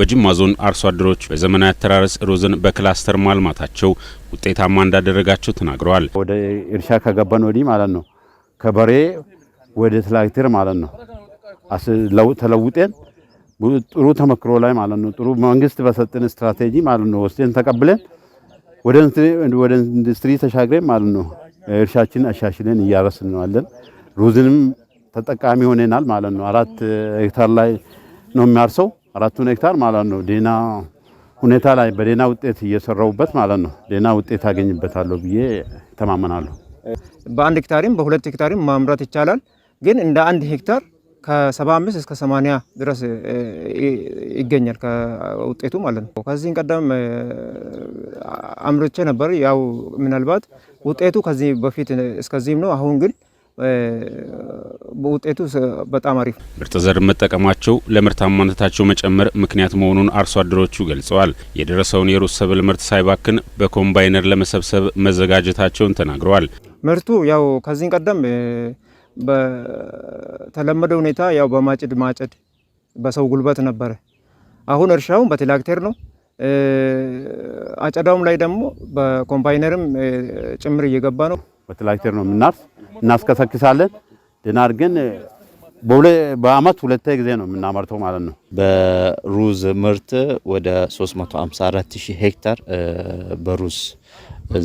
በጅማ ዞን አርሶ አደሮች በዘመናዊ አተራረስ ሩዝን በክላስተር ማልማታቸው ውጤታማ እንዳደረጋቸው ተናግረዋል። ወደ እርሻ ከገባን ወዲህ ማለት ነው ከበሬ ወደ ትላክተር ማለት ነው ተለውጤን ጥሩ ተመክሮ ላይ ማለት ነው ጥሩ መንግስት በሰጠን ስትራቴጂ ማለት ነው ወስደን ተቀብለን ወደ ኢንዱስትሪ ተሻግረን ማለት ነው እርሻችን አሻሽለን እያረስን ሩዝንም ተጠቃሚ ሆነናል ማለት ነው። አራት ሄክታር ላይ ነው የሚያርሰው አራቱን ሄክታር ማለት ነው ዴና ሁኔታ ላይ በዴና ውጤት እየሰራውበት ማለት ነው። ዴና ውጤት አገኝበታለሁ ብዬ ተማመናለሁ። በአንድ ሄክታሪም በሁለት ሄክታሪም ማምራት ይቻላል። ግን እንደ አንድ ሄክታር ከ75 እስከ 80 ድረስ ይገኛል ከውጤቱ ማለት ነው። ከዚህ ቀደም አምርቼ ነበር። ያው ምናልባት ውጤቱ ከዚህ በፊት እስከዚህም ነው። አሁን ግን ውጤቱ በጣም አሪፍ። ምርጥ ዘር መጠቀማቸው ለምርታማነታቸው መጨመር ምክንያት መሆኑን አርሶ አደሮቹ ገልጸዋል። የደረሰውን የሩዝ ሰብል ምርት ሳይባክን በኮምባይነር ለመሰብሰብ መዘጋጀታቸውን ተናግረዋል። ምርቱ ያው ከዚህ ቀደም በተለመደ ሁኔታ ያው በማጭድ ማጨድ በሰው ጉልበት ነበረ። አሁን እርሻውን በትራክተር ነው አጨዳውም ላይ ደግሞ በኮምባይነርም ጭምር እየገባ ነው። በትላክቴር ነው የምናርስ፣ እናስከሰክሳለን ድናር ግን በአመት ሁለት ጊዜ ነው የምናመርተው ማለት ነው። በሩዝ ምርት ወደ 354 ሺህ ሄክታር በሩዝ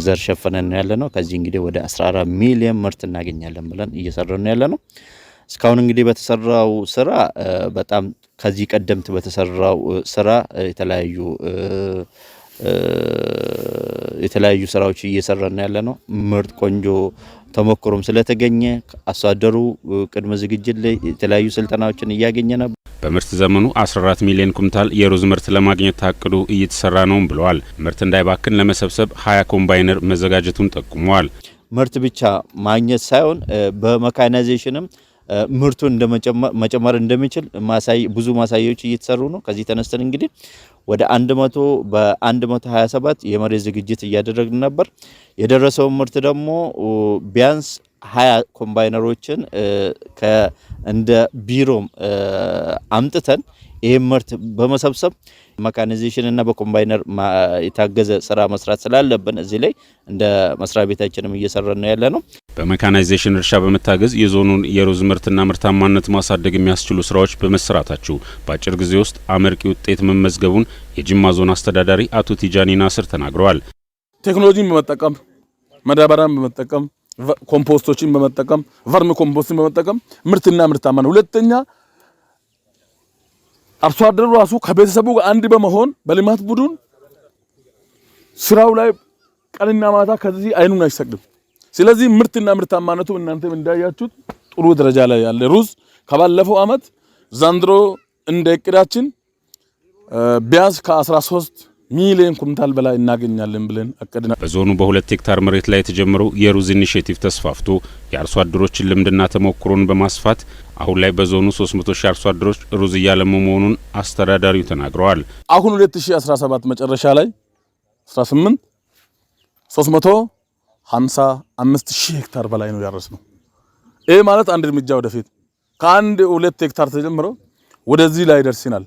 ዘር ሸፈነን ያለ ነው። ከዚህ እንግዲህ ወደ 14 ሚሊዮን ምርት እናገኛለን ብለን እየሰራ ነው ያለ ነው። እስካሁን እንግዲህ በተሰራው ስራ በጣም ከዚህ ቀደምት በተሰራው ስራ የተለያዩ የተለያዩ ስራዎች እየሰራን ያለ ነው። ምርጥ ቆንጆ ተሞክሮም ስለተገኘ አሳደሩ ቅድመ ዝግጅት ላይ የተለያዩ ስልጠናዎችን እያገኘ ነው። በምርት ዘመኑ 14 ሚሊዮን ኩንታል የሩዝ ምርት ለማግኘት ታቅዱ እየተሰራ ነው ብለዋል። ምርት እንዳይባክን ለመሰብሰብ 20 ኮምባይነር መዘጋጀቱን ጠቁመዋል። ምርት ብቻ ማግኘት ሳይሆን በመካናይዜሽንም ። ምርቱን መጨመር እንደሚችል ብዙ ማሳያዎች እየተሰሩ ነው። ከዚህ ተነስተን እንግዲህ ወደ 100 በ127 የመሬት ዝግጅት እያደረግን ነበር። የደረሰውን ምርት ደግሞ ቢያንስ ሀያ ኮምባይነሮችን እንደ ቢሮም አምጥተን ይህም ምርት በመሰብሰብ መካናይዜሽን እና በኮምባይነር የታገዘ ስራ መስራት ስላለብን እዚህ ላይ እንደ መስሪያ ቤታችንም እየሰራን ነው ያለ ነው። በመካናይዜሽን እርሻ በመታገዝ የዞኑን የሩዝ ምርትና ምርታማነት ማሳደግ የሚያስችሉ ስራዎች በመሰራታቸው በአጭር ጊዜ ውስጥ አመርቂ ውጤት መመዝገቡን የጅማ ዞን አስተዳዳሪ አቶ ቲጃኒ ናስር ተናግረዋል። ቴክኖሎጂን በመጠቀም መዳበሪያን በመጠቀም ኮምፖስቶችን በመጠቀም ቨርም ኮምፖስትን በመጠቀም ምርትና ምርታማ ነው። ሁለተኛ አርሶ አደሩ ራሱ ከቤተሰቡ ጋር አንድ በመሆን በልማት ቡድን ስራው ላይ ቀንና ማታ ከዚህ አይኑን አይሰግድም። ስለዚህ ምርትና ምርታማነቱ እናንተም እንዳያችሁት ጥሩ ደረጃ ላይ ያለ ሩዝ ከባለፈው አመት ዘንድሮ እንደ እቅዳችን ቢያንስ ከ13 ሚሊዮን ኩንታል በላይ እናገኛለን ብለን አቅድናል። በዞኑ በሁለት ሄክታር መሬት ላይ የተጀመረው የሩዝ ኢኒሼቲቭ ተስፋፍቶ የአርሶ አደሮችን ልምድና ተሞክሮን በማስፋት አሁን ላይ በዞኑ 300 ሺህ አርሶ አደሮች ሩዝ እያለሙ መሆኑን አስተዳዳሪው ተናግረዋል። አሁን 2017 መጨረሻ ላይ 18 355 ሺህ ሄክታር በላይ ነው ያረስነው። ይህ ማለት አንድ እርምጃ ወደፊት ከአንድ ሁለት ሄክታር ተጀምሮ ወደዚህ ላይ ደርሰናል።